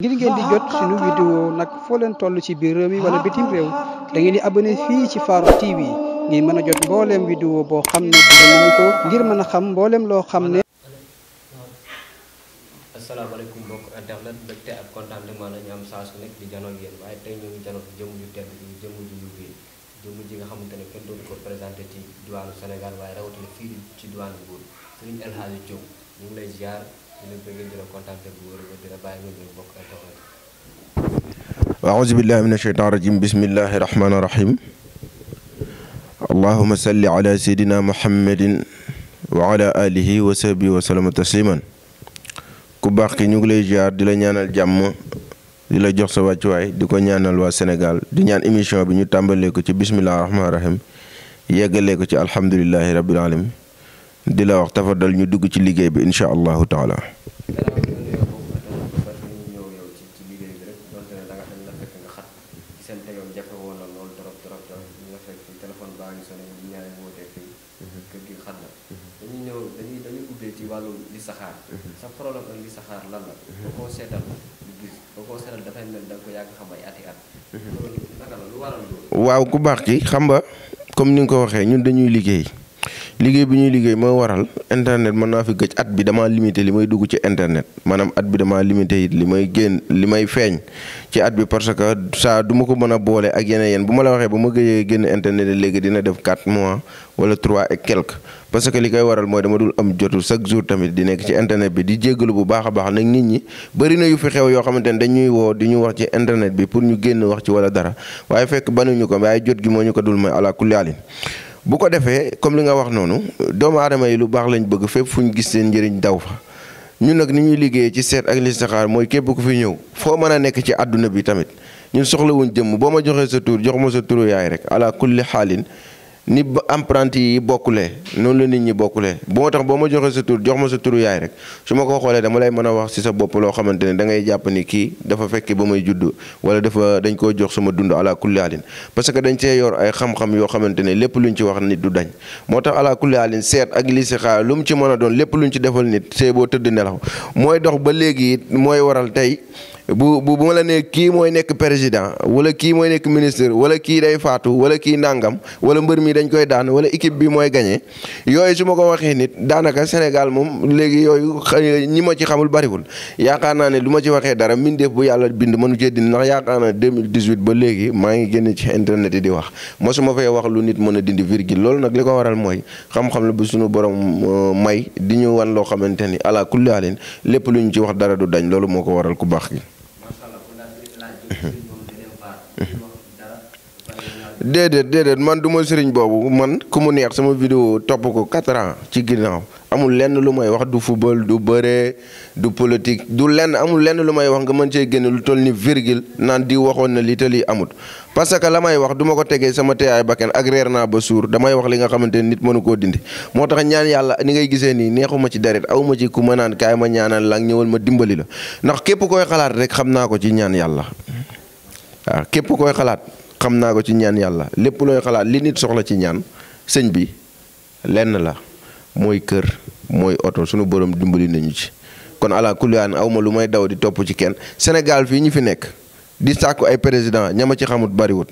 ngir ngeen di jot suñu vidéo nag foo leen toll ci biir réew mi wala bitim réew da di di abonné fii ci Farokh TV ngir mën a jot mbooleem vidéo boo xam ne mën a xam mbooleem loo xam ne. asalaamaaleykum mbokk internet ak kontaan li ma am saa su nekk di janoog yéen waaye tey ñu ngi janoog xamante ne kenn dootu ko présenté waaye rawatina fii ci diwaanu ñu ngi lay ziar. ñu bëgg di la contacter bu wóor ba di la bàyyi nga bokk ay taxaw أعوذ بالله من الشيطان الرجيم بسم الله الرحمن الرحيم اللهم صل على سيدنا محمد وعلى آله وصحبه وسلم تسليما ku baax ki ñu ngi lay ziar di la ñaanal jàmm di la jox sa wàccuwaay di ko ñaanal waa Sénégal di ñaan émission bi ñu tàmbalee ko ci bismillah rahmaani rahim yeggalee ko ci alhamdulilahi rabbil alamin di la wax tafadal ñu dugg ci liggéey bi incha allahu taala. waaw ku baax ki xam nga comme ni nga ko waxee ñun dañuy liggéey. liggéey bi ñuy liggéey mooy waral internet mën naa fi gëj at bi damaa limité li may dugg ci internet maanaam at bi damaa limité it li may génn li may feeñ ci at bi parce que saa duma ko mën a boole ak yeneen yéen bu ma la waxee ba ma gëjee génn internet léegi dina def 4 mois wala 3 et quelque parce que li koy waral mooy dama dul am jotu chaque jour tamit di nekk ci internet bi di jéggalu bu baax a baax nag nit ñi bëri na yu fi xew yoo xamante ne dañuy woo di wax ci internet bi pour ñu génn ci wala dara waaye fekk banuñu ko waaye jot gi moo ñu ko dul may ala bu ko defee comme li nga wax noonu doomu aadama yi lu baax lañ bëgg fépp fu ñu gis seen njëriñ daw fa ñu nag ni ñuy liggéeyee ci seet ak listixaar mooy képp ku fi ñëw foo mën a nekk ci àdduna bi tamit ñu soxlawuñ jëmm boo ma joxee sa tur jox ma sa turu yaay rek ala kulli xaalin ni apprenti yi bokkulee noonu la nit ñi bokkulee boo tax boo ma joxee sa tur jox ma sa turu yaay rek su ma ko xoolee dama lay mën a wax ci sa bopp loo xamante ne da jàpp ni kii dafa fekk ba may judd wala dafa dañ koo jox sama dund ala kulli alin parce que dañ cee yor ay xam-xam yoo xamante ne lépp luñ ci wax nit du dañ moo tax ala kulli alin seet ak li si xaar lu mu ci mën a doon lépp lu luñ ci defal nit see boo tëdd nelaw mooy dox ba léegi mooy waral tey. bu bu bu ma la nee kii mooy nekk président wala kii mooy nekk ministre wala kii day faatu wala kii nàngam wala mbër mi dañ koy daan wala équipe bi mooy gagné yooyu su ma ko waxee nit daanaka Sénégal moom léegi yooyu ñi ma ci xamul bariwul yaakaar naa ne lu ma ci waxee dara mbindeef bu yàlla bind mënu cee dindi ndax yaakaar naa 2018 ba léegi maa ngi génn ci internet yi di wax ma fay wax lu nit mën a dindi virgule loolu nag li ko waral mooy xam la bu suñu borom euh, may di ñu wan loo xamante ni ala kulli alin lépp lu ñu ci wax dara du dañ loolu moo ko waral ku baax gi déedéet de man duma serigne bobu man kumu neex sama video top ko 4 ans ci ginnaw amul lenn lu may wax du football du beure du politique du lenn amul lenn lu may wax nga man cey genn lu toll ni virgule nan di waxone li te amut. parce que lamay wax duma ko tege sama tay bakken ak reer naa ba sour damay wax li nga xamante nit mënu ko dindi motax ñaan yalla ni ngay gisee ni neexuma ci deret awuma ma ci ku ma kay ma ñaanal lak ñewal ma dimbali la ndax képp koy xalaat rek xamna ko ci ñaan yalla waaw ah, képp koy xalaat xam naa ko ci ñaan yàlla lépp looy xalaat li nit soxla ci ñaan sëñ bi lenn la mooy kër mooy oto sunu borom dimbali nañu ci kon ala kuliyaan aw ma lu may daw di topp ci kenn Sénégal fii ñu fi nekk di sàkku ay président ñama ci xamut bariwut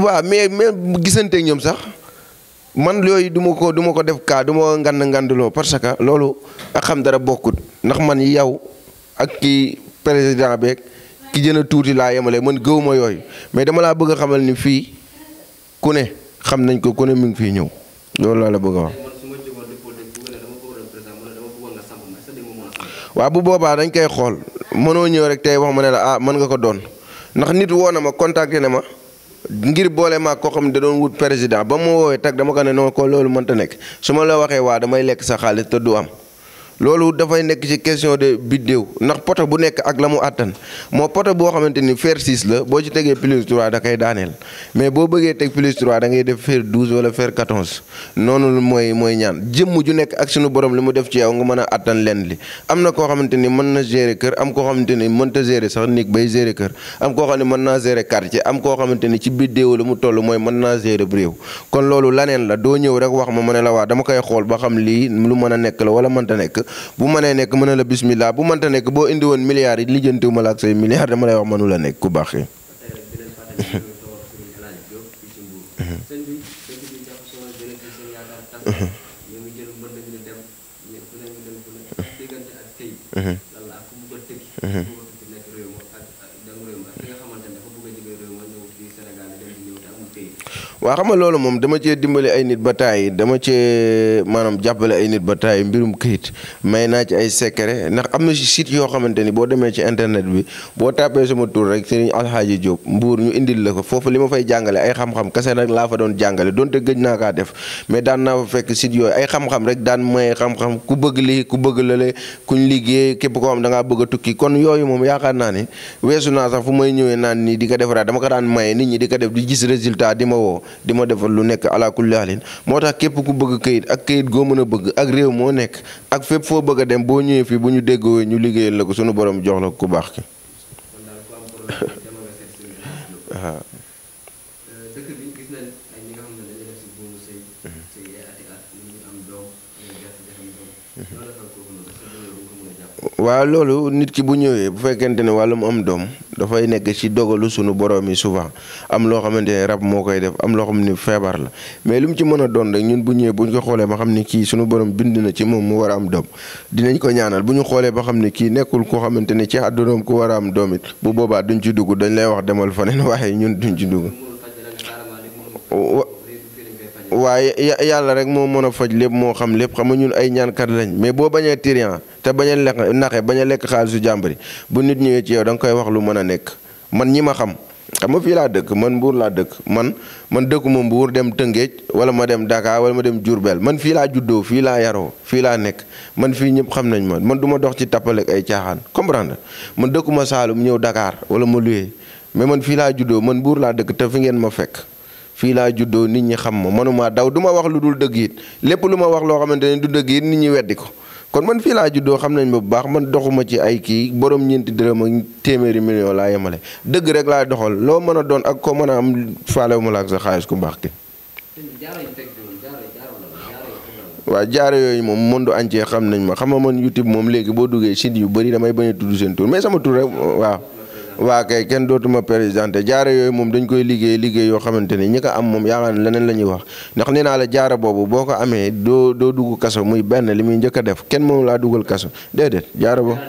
wa mais mais gisante ñoom sax man yooyu du ma ko du ma ko def kaa du ma ngand ngandloo parce que loolu ak xam dara bokkut ndax man yow ak kii président beeg ki gën a tuuti laa yemale man gëwuma yooyu mais dama laa bëgg a xamal ni fii ku ne xam nañ ko ku ne mu ngi fii ñëw loolu laa la bëgg a wax. waaw bu boobaa dañ koy xool mënoo ñëw rek tey wax ma ne la ah mën nga ko doon ndax nit woo na ma contacté na ma ngir boole maa koo xam ne da doon wut président ba mu woowee tag dama ko ne noonu ko loolu mënta nekk su ma la waxee waa damay lekk sa xaalis te du am. loolu dafay nekk ci question de biddéew ndax poto bu nekk ak la mu àttan moo poto boo xamante ni fer 6 la boo ci tegee plus 3 da kay daaneel mais boo bëggee teg plus 3 da ngay def fer 12 wala fer 14 noonu mooy mooy ñaan jëmm ju nekk ak sunu borom li mu def ci yow nga mën a àttan lenn li am na koo xamante ni mën na gérer kër am koo xamante ni mënta gérer sax néeg bay gérer kër am koo xam ne mën naa gérer quartier am koo xamante ni ci biddéew la mu toll mooy mën naa gérer réew kon loolu laneen la doo ñëw rek wax ma ma ne la waa dama koy xool ba xam lii lu mën a nekk la wala mënta nekk nekk bu mënee nekk mën a la bismillah bu mënta nekk boo indiwoon woon milliards yi lijjantiwu ma la ak say milliards dama lay wax mënu nekk ku baax yi mhm. Mhm. waa xam nga loolu moom dama cee dimbali ay nit ba taay dama cee maanaam jàppale ay nit ba taay mbirum këyit may naa ci ay secret ndax am na si yoo xamante ni boo demee ci internet bi boo tàppee sama tur rek Serigne Alxaaji Diop Mbour ñu indil la ko foofu li ma fay jàngale ay xam-xam kese laa fa doon jàngale donte gëj naa kaa def mais daan naa fekk site yooyu ay xam rek daan may xam ku bëgg lii ku bëgg lale kuñ liggéey képp koo xam da bëgg tukki kon yooyu moom yaakaar naa ni weesu naa sax fu may ñëwee naan nii di ko defaraat dama ko daan maye nit ñi di ko def di gis résultat di ma woo di ma defal lu nekk ala kulli moo tax képp ku bëgg kayit ak kayit goo mën a bëgg ak réew moo nekk ak fépp foo bëgg a dem boo ñëwee fii bu ñu déggoo ñu liggéeyal la ko sunu borom jox la ku baax ki waaw loolu nit ki bu ñëwee bu fekkente ne wàllum am doom dafay nekk ci dogalu sunu borom yi souvent am loo xamante ne rab moo koy def am loo xam ne feebar la mais lu mu ci mën a doon rek ñun bu ñëwee bu ñu ko xoolee ba xam ne kii sunu borom bind na ci moom mu war a am doom dinañ ko ñaanal bu ñu xoolee ba xam ne kii nekkul koo xamante ne ci àddunaam ko war a am doomit bu boobaa duñ ci dugg dañ lay wax demal faneen waaye ñun duñ ci dugg. waaye yàlla rek moo mën a faj lépp moo xam lépp xam nga ñun ay ñaankat lañ mais boo bañee tirian te bañ a lekk naxe bañ a lekk xaalisu jàmbari bu nit ñëwee ci yow danga koy wax lu mën a nekk man ñi ma xam xam fii laa dëkk man mbuur laa dëkk man man dëkkuma mbuur dem Tëngéej wala ma dem Dakar wala ma dem Diourbel man fii laa juddoo fii laa yaroo fii laa nekk man fii ñëpp xam nañ ma man duma dox ci tappale ay caaxaan comprendre man dëkkuma Saalum ñëw dakaar wala ma luyee mais man fii laa juddoo man mbuur laa dëkk te fi ngeen ma fekk fii laa juddoo nit ñi xam ma manuma daw du ma wax lu dul dëgg it lépp lu ma wax loo xamante ne du dëgg it nit ñi weddi ko kon man fii laa juddoo xam nañ ma bu baax man doxuma ci ay kii borom ñeenti dërëm ak téeméeri million laa yemale dëgg rek laa doxal loo mën a doon ak koo mën a am faalewu ma la ak sa xaalis ku baax ki waaw jaare yooyu moom monde entier xam nañ ma xam nga man YouTube moom léegi boo duggee site yu bari damay bañ a tudd seen tur mais sama tur waa kay kenn dootuma présenté jaara yooyu moom dañu koy liggéey liggéey yoo xamante ni ñi ko am moom yaakaar ne leneen la wax ndax nee naa la jaara boobu boo ko amee doo doo dugg kaso muy benn li muy njëkk a def kenn moom laa dugal kaso déedéet jaaro boobu.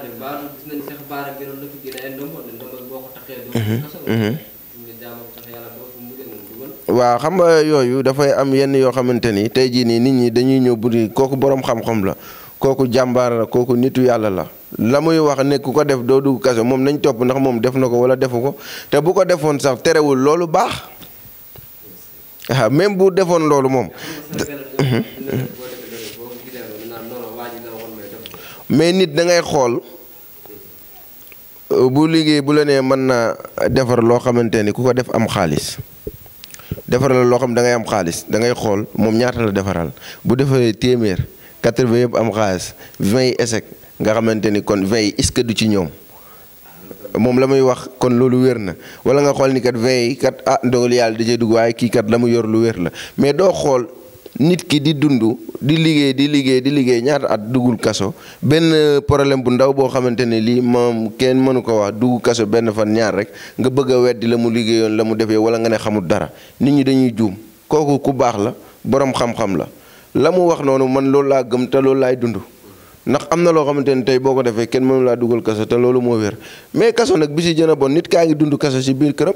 waaw xam nga yooyu dafay am yenn yoo xamante ni tey jii nii nit ñi dañuy ñëw bu kooku boroom xam-xam la kooku jàmbaar la kooku nitu yàlla la. la muy wax ne ku ko def doo dugg kaso moom nañ topp ndax moom def na ko wala defu ko te bu ko defoon sax terewul loolu baax waaw ah, même bu defoon loolu moom. mais nit da ngay xool bu liggéey bu la nee mën naa defar loo xamante ni ku ko def am xaalis defar la loo xam da ngay am xaalis dangay xool moom ñaata la defaral bu defaree téeméer quatre-vingts yëpp am xaalis vingt yi échec nga xamante ni kon veille est-ce que du ci ñoom moom la muy wax kon loolu wér na wala nga xool ni kat veille kat a ah, ndogalu yàlla da cee dugg waaye kii kat la mu yor lu wér la mais doo xool nit ki di dund di liggéey di liggéey di liggéey ñaata at duggul kaso benn problème bu ndaw boo xamante ne lii moom kenn mënu ko wax dugg kaso benn fan ñaar rek nga bëgg a di la mu liggéeyoon la mu defee wala nga ne xamul dara nit ñi dañuy juum kooku ku baax la boroom xam-xam la la mu wax noonu man loolu laa gëm loolu laay dund. ndax am na loo xamante ni tey boo ko defee kenn mënu laa dugal kaso te loolu moo wér mais kaso nag bi si gën a bon nit kaa ngi dund kaso si biir këram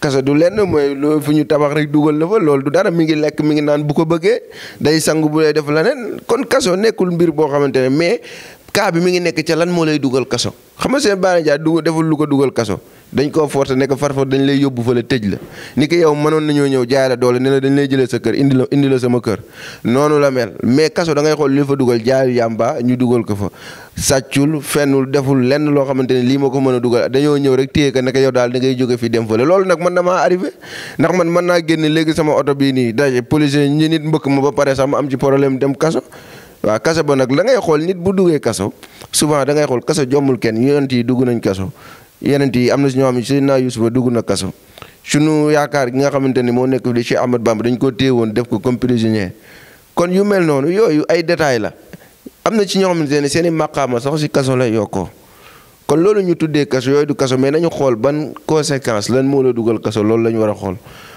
kaso du lenn mooy loolu fu ñu tabax rek dugal na fa loolu du dara mi ngi lekk mi ngi naan bu ko bëggee day sangu bu lay def leneen kon kaso nekkul mbir boo xamante ne mais cas bi mi ngi nekk ca lan moo lay dugal kaso xam nga seen baara jaa du deful lu ko dugal kaso. dañ koo forcé nekk ko farfa dañ lay yóbbu fa la tëj la ni ko yow mënoon nañoo ñëw jaay doole ne la dañ lay jëlee sa kër indi la indi la sama kër noonu la mel mais kaso da ngay xool li fa dugal jaayu yàmba ñu dugal ko fa sàccul fennul deful lenn loo xamante ne lii ma ko mën a dugal dañoo ñëw rek téye ko ne daal da ngay jóge fi dem fa la loolu nag man damaa ndax man mën naa génn léegi sama oto bii nii daje policier ñi nit ma ba pare sax ma am ci problème dem kaso waaw kaso ba nag la ngay xool nit bu duggee kaso souvent da xool kaso jommul kenn yonent yi dugg nañ kaso yeneen yi am na si ñoo xam ne Seydina Yuusufa dugg na kaso sunu yaakaar gi nga xamante ni moo nekk fii Cheikh Ahmad Bamba dañ ko téye woon def ko comme prisonnier kon yu mel noonu yooyu ay détails la am na ci ñoo xamante ne seen i maqaama sax si kaso la yokkoo kon loolu ñu tuddee kaso yooyu du kaso mais nañu xool ban conséquence lan moo la dugal kaso loolu la ñu war a xool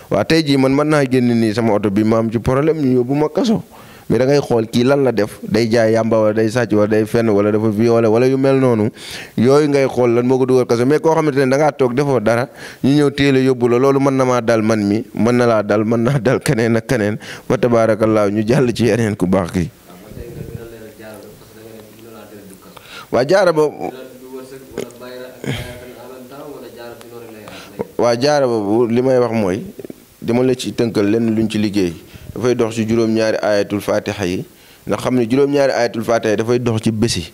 waaw tey jii man mën naa génn nii sama oto bi ma am ci problème ñu yóbbu ma kaso. mais da ngay xool kii lan la def day jaay yàmba wala day sàcc wala day fenn wala dafa violé wala yu mel noonu yooyu ngay xool lan moo ko dugal kaso mais koo xamante ne da ngaa toog defoo dara ñu ñëw téele yóbbu la loolu mën na maa dal man mi mën na laa dal mën naa dal keneen ak keneen fa tabaarakallaa ñu jàll ci yeneen ku baax ki waa jaara ba waa jaara li may wax mooy dama la ci tënkal lu luñ ci liggéey dafay dox ci juróom-ñaari ayatul fatiha yi ndax xam ne juróom-ñaari ayatul fatiha yi dafay dox ci bési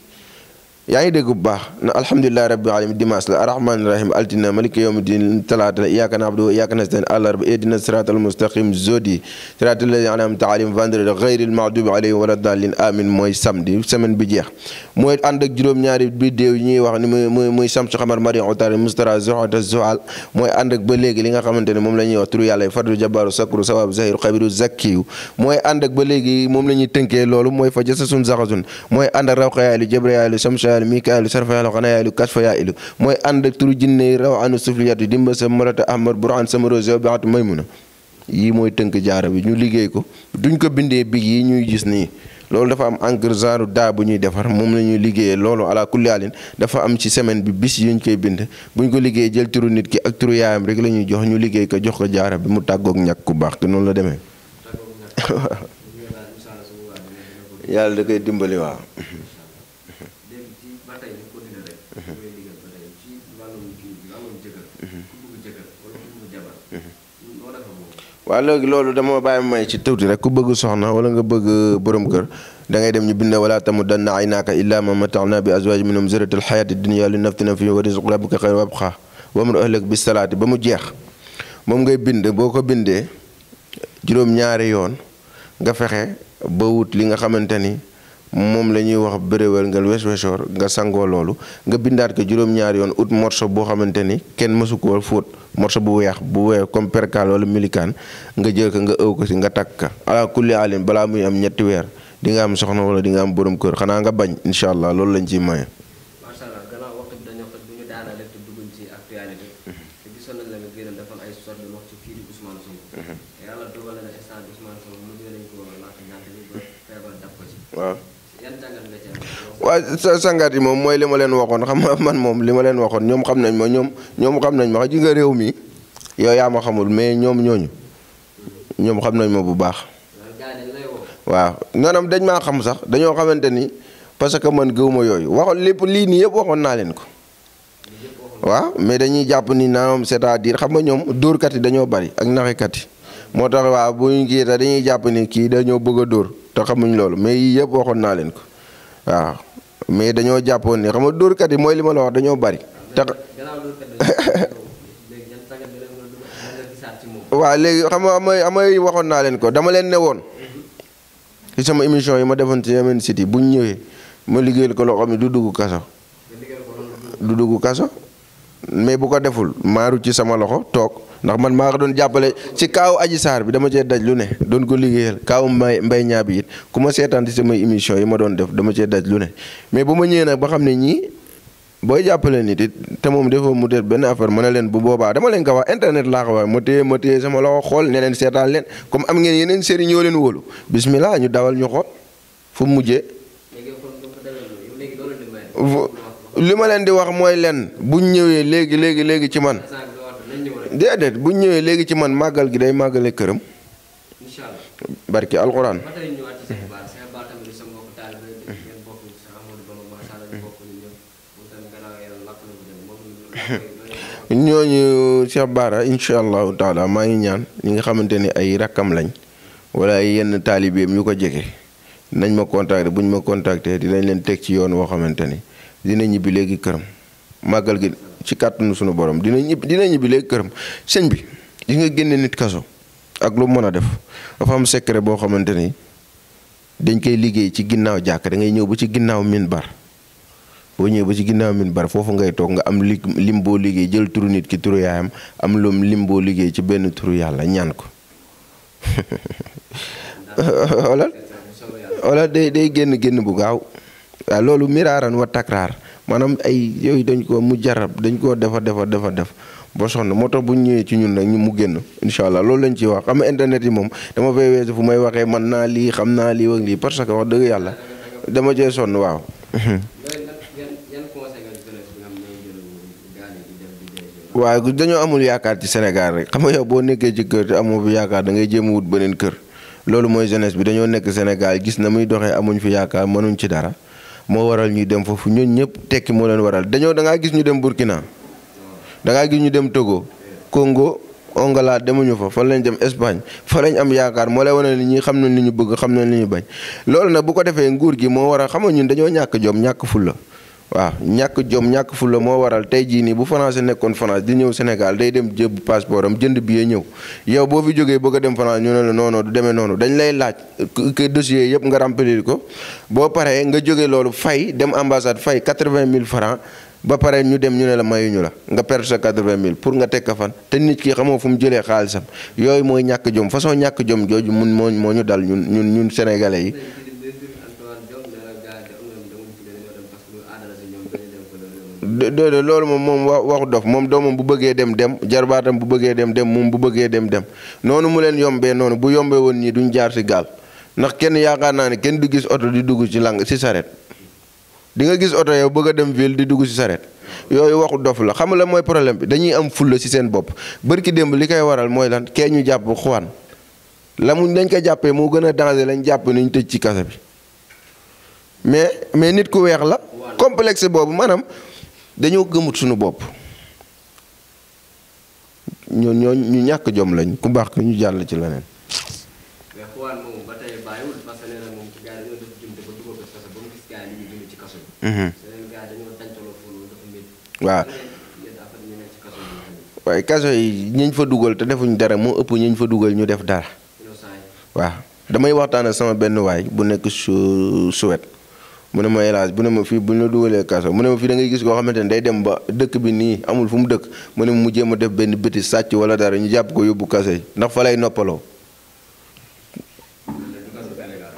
yaa ngi dégg bu baax na alhamdulilahi rabbil alamin dimanche la arrahmaani rahim altina maliki yawmi din talaata la iyyaka na'budu wa iyyaka nasta'in àllarba ihdina siraatal mustaqim jeudi siraatal lazina an'amta alayhim vendredi ghayril maghdubi alayhim wala daalin amin mooy samedi semaine bi jeex mooy ànd ak juróom-ñaari biddéew yi ñuy wax ni muy muy muy samsu xamar mari utari mustara zuhata zuhal mooy ànd ak ba léegi li nga xamante ne moom la ñuy wax turu yàlla yi fardu jabaru sakru sawabu zahiru xabiru zakkiyu mooy ànd ak ba léegi moom la ñuy tënkee loolu mooy fa jasasun zaxasun mooy ànd ak rawxayaalu jabrayaalu samsa yàlla mikaalu sarfa yàlla xanaa yàlla kasfa yàlla mooy ànd ak turu jinne yi raw anu suuf li yàlla dimba sa marata ahmad burhan sama yii mooy tënk jaara bi ñu liggéey ko duñ ko bindee big yi ñuy gis nii loolu dafa am encre genre daa bu ñuy defar moom la ñuy liggéeyee loolu ala dafa am ci semaine bi bis yuñ koy bind buñ ko liggéey jël turu nit ki ak turu yaayam rek la ñuy jox ñu liggéey ko jox ko jaara bi mu tàggoog ñàkk ku baax noonu la demee. yàlla da koy dimbali waaw. waaw loolu dama bàyyi may ci tuuti rek ku bëgg soxna wala nga bëgg borom kër da ngay dem ñu bind wala tamuddanna aynaaka illaa ma mata'na bi azwaaj minhum zurriyata alxayaati dunya li naftina fi wa rizqu rabbika xayr wa abqa wamur ahlak bi salaati ba mu jeex moom ngay bind boo ko bindee juróom-ñaari yoon nga fexe ba wut li nga xamante ni mom lañuy wax bëréwal nga wes wessor nga sango loolu nga bindat ko juróom ñaar yoon ut morso bo xamanteni ken kenn mësu ko fóot morso bu wex bu weex comme percal wala milikaan nga jël ko nga ëw ko ci nga ala kulli alim bala muy am ñetti wër di nga am soxna wala di nga am borom kër xana nga bañ inshallah allah lañ maye. allah ci waa sa sangaat yi moom mooy li ma leen waxoon xam nga man moom li ma leen waxoon ñoom xam nañ ma ñoom ñoom xam nañ ma xaj nga réew mi yow yaa ma xamul mais ñoom ñooñu ñoom xam nañ ma bu baax. waaw maanaam dañ maa xam sax dañoo xamante ni parce que man gëwuma yooyu waxoon lépp lii nii yëpp waxoon naa leen ko. waaw mais dañuy jàpp ni naam cest à diir xam nga ñoom dóorkat yi dañoo bari ak naxekat yi. moo tax waaw bu ñu kii dañuy jàpp ni kii dañoo bëgg a dóor te xamuñ loolu mais yii yëpp waxoon naa leen ko waaw mais dañoo jàppoon ni xam dóorkat yi mooy li ma la wax dañoo bari. te léegi xam nga amay amay waxoon naa leen ko dama leen ne woon ci sama émission yi ma defoon ci yeneen site bu ñu ñëwee ma liggéeyal ko loo xam ne du dugg kaso. du duggu kaso. mais bu ko deful maaru ci sama loxo toog ndax man maa ko doon jàppale ci kaaw aji saar bi dama cee daj lu ne doon ko liggéeyal kaaw mbay mbay ñaa bi it ku ma seetaan di samay émission yi ma doon def dama cee daj lu ne mais bu ma ñëwee nag ba xam ne ñii booy jàppale nit it te moom defoo mu def benn affaire mën ne leen bu boobaa dama leen ko wax internet laa ko wax ma téye ma téye sama loxo xool ne leen seetaan leen comme am ngeen yeneen sëriñ yoo leen wóolu bismillah ñu dawal ñu xool fu mu mujjee li ma leen di wax mooy leen buñ ñëwee léegi léegi léegi ci man. déedéet buñ ñëwee léegi ci man màggal gi day màggale këram. barki alxuraan. ñooñu Cheikh baara incha allahu taala maa ngi ñaan ñi nga xamante ni ay rakkam lañ wala ay yenn taalibeem yu ko jege nañ ma contacter buñ ma contacter dinañ leen teg ci yoon woo xamante ni. dina ñibbi léegi këram màggal gi ci kàttanu sunu borom dina ñibbi dina ñibbi léegi këram sëñ bi di nga génne nit kaso ak lu mën a def dafa am secret boo xamante ni dañ koy liggéey ci ginnaaw jàkk da ñëw ba ci ginnaaw minbar boo ñëwee ba ci ginnaaw minbar foofu ngay toog nga am li lim boo liggéey jël turu nit ki turu yaayam am loom lim boo liggéey ci benn turu yàlla ñaan ko wala wala day day génn génn bu gaaw waaw loolu miraaran wa takraar maanaam ay yooyu dañ ko mu jarab dañ koo defa defa defa def ba soxna moo tax bu ñu ñëwee ci ñun rek ñu mu génn incha allah loolu lañ ciy wax xam internet yi moom dama fay weesu fu may waxee man naa lii xam naa lii ak lii parce que wax dëgg yàlla dama cee sonn waaw. waaye dañoo amul yaakaar ci Sénégal rek xam nga yow boo nekkee ci kër te amoo fi yaakaar da ngay jéem a wut beneen kër loolu mooy jeunesse bi dañoo nekk Sénégal gis na muy doxee amuñ fi yaakaar mënuñ ci dara. moo waral ñuy dem foofu ñun ñëpp tekki moo leen waral dañoo da gis ñu dem Burkina da ngaa gis ñu dem Togo Congo Angola demuñu fa fan lañ dem Espagne fa lañ am yaakaar moo lay wane ni ñi xam ne li ñu bëgg xam nañ li ñu bañ loolu na bu ko defee nguur gi moo war a xam ñun dañoo ñàkk jom ñàkk fulla waaw ñàkk jom ñàkk fulla moo waral tey jii nii bu France nekkoon France di ñëw Sénégal day dem jëb passeport am jënd bi ñëw yow boo fi jógee bëgg a dem France ñu ne la non du demee noonu dañ lay laaj que dossier yëpp nga remplir ko boo paree nga jóge loolu fay dem ambassade fay 80 mille francs ba pare ñu dem ñu ne la mayuñu la nga perte sa vingt mille pour nga teg ka fan te nit ki xamoo fu mu jëlee xaalisam yooyu mooy ñàkk jom façon ñàkk jom jooju mun moo moo ñu dal ñun ñun ñun sénégalais yi de de lolu mom mom waxu dof mom domam bu beugé dem dem jarbatam bu beugé dem dem mom bu beugé dem dem nonu mu len yombé nonu bu yombé won ni duñ jaar ci gal nak kenn yaakaar naa kenn du gis auto di dugg ci lang ci saret di nga gis auto yow beugé dem ville di dugg ci saret yoyu waxu dof la xam la moy problème bi dañuy am fulla ci sen bop barki dem li kay waral moy lan keñu japp jàpp lamu dañ ko jappé mo gëna danger lañ japp niñ tej ci kasse bi mais mais nit ku weex la complexe bobu manam dañoo gëmut suñu bopp ñoo ñoo ñu ñàkk jom lañ ku baax ko ñu jàll ci leneen. mais xuwaan mhm. waaye kaso yi ñiñ fa dugal te defuñ dara moo ëpp ñiñ fa dugal ñu def dara. waaw damay waxtaan ak sama benn waay bu nekk su Suède. mu ne ma élage bu ne ma fii bu ñu la dugalee kaso mu ne ma fii da gis koo xamante ne day dem ba dëkk bi nii amul fu mu dëkk mu ne mu jéem a def benn bëti sàcc wala dara ñu jàpp ko yóbbu kaso yi ndax fa lay noppaloo.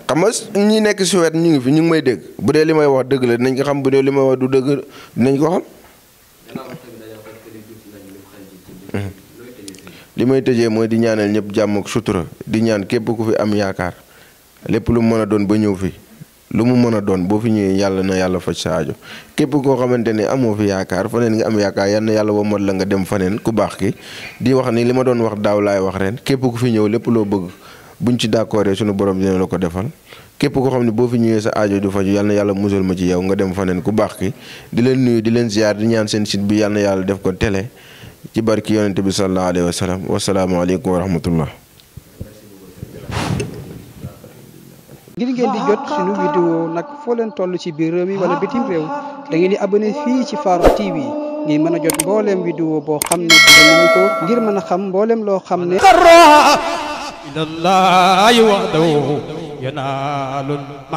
xam nga ñi nekk si wet ñu ngi fi ñu ngi may dégg bu dee li may wax dëgg la dinañ ko xam bu dee li may wax du dëgg dinañ ko xam. may tëjee mooy di ñaanal ñëpp jàmm ak sutura di ñaan képp ku fi am yaakaar lépp lu mën a doon ba ñëw fi lu mu mën a doon boo fi ñëwee yàlla na yàlla faj sa aajo képp koo xamante ne amoo fi yaakaar faneen nga am yaakaar yal na yàlla womat la nga dem faneen ku baax ki di wax ni li ma doon wax daaw laay wax ren képp ku fi ñëw lépp loo bëgg buñ ci d'accordee sunu borom dina la ko defal képp koo xam ne boo fi ñëwee sa aajo du faju yal yàlla musal ma ci yow nga dem faneen ku baax ki di leen nuyu di leen ziar di ñaan seen site bi yal na yàlla def ko télé ci barki yonente bi sallallahu alayhi wa sallam wasalaamualeykum wa rahmatullah ngir ngeen di jot suñu vidéo nag foo leen toll ci biir réew mi wala bitim réew da ngeen di abonné fii ci Farokh TV ngir mën a jot mbooleem vidéo boo xam ne dinañu ko ngir mën a xam mbooleem loo xam ne ilallahi wahdahu yanaalul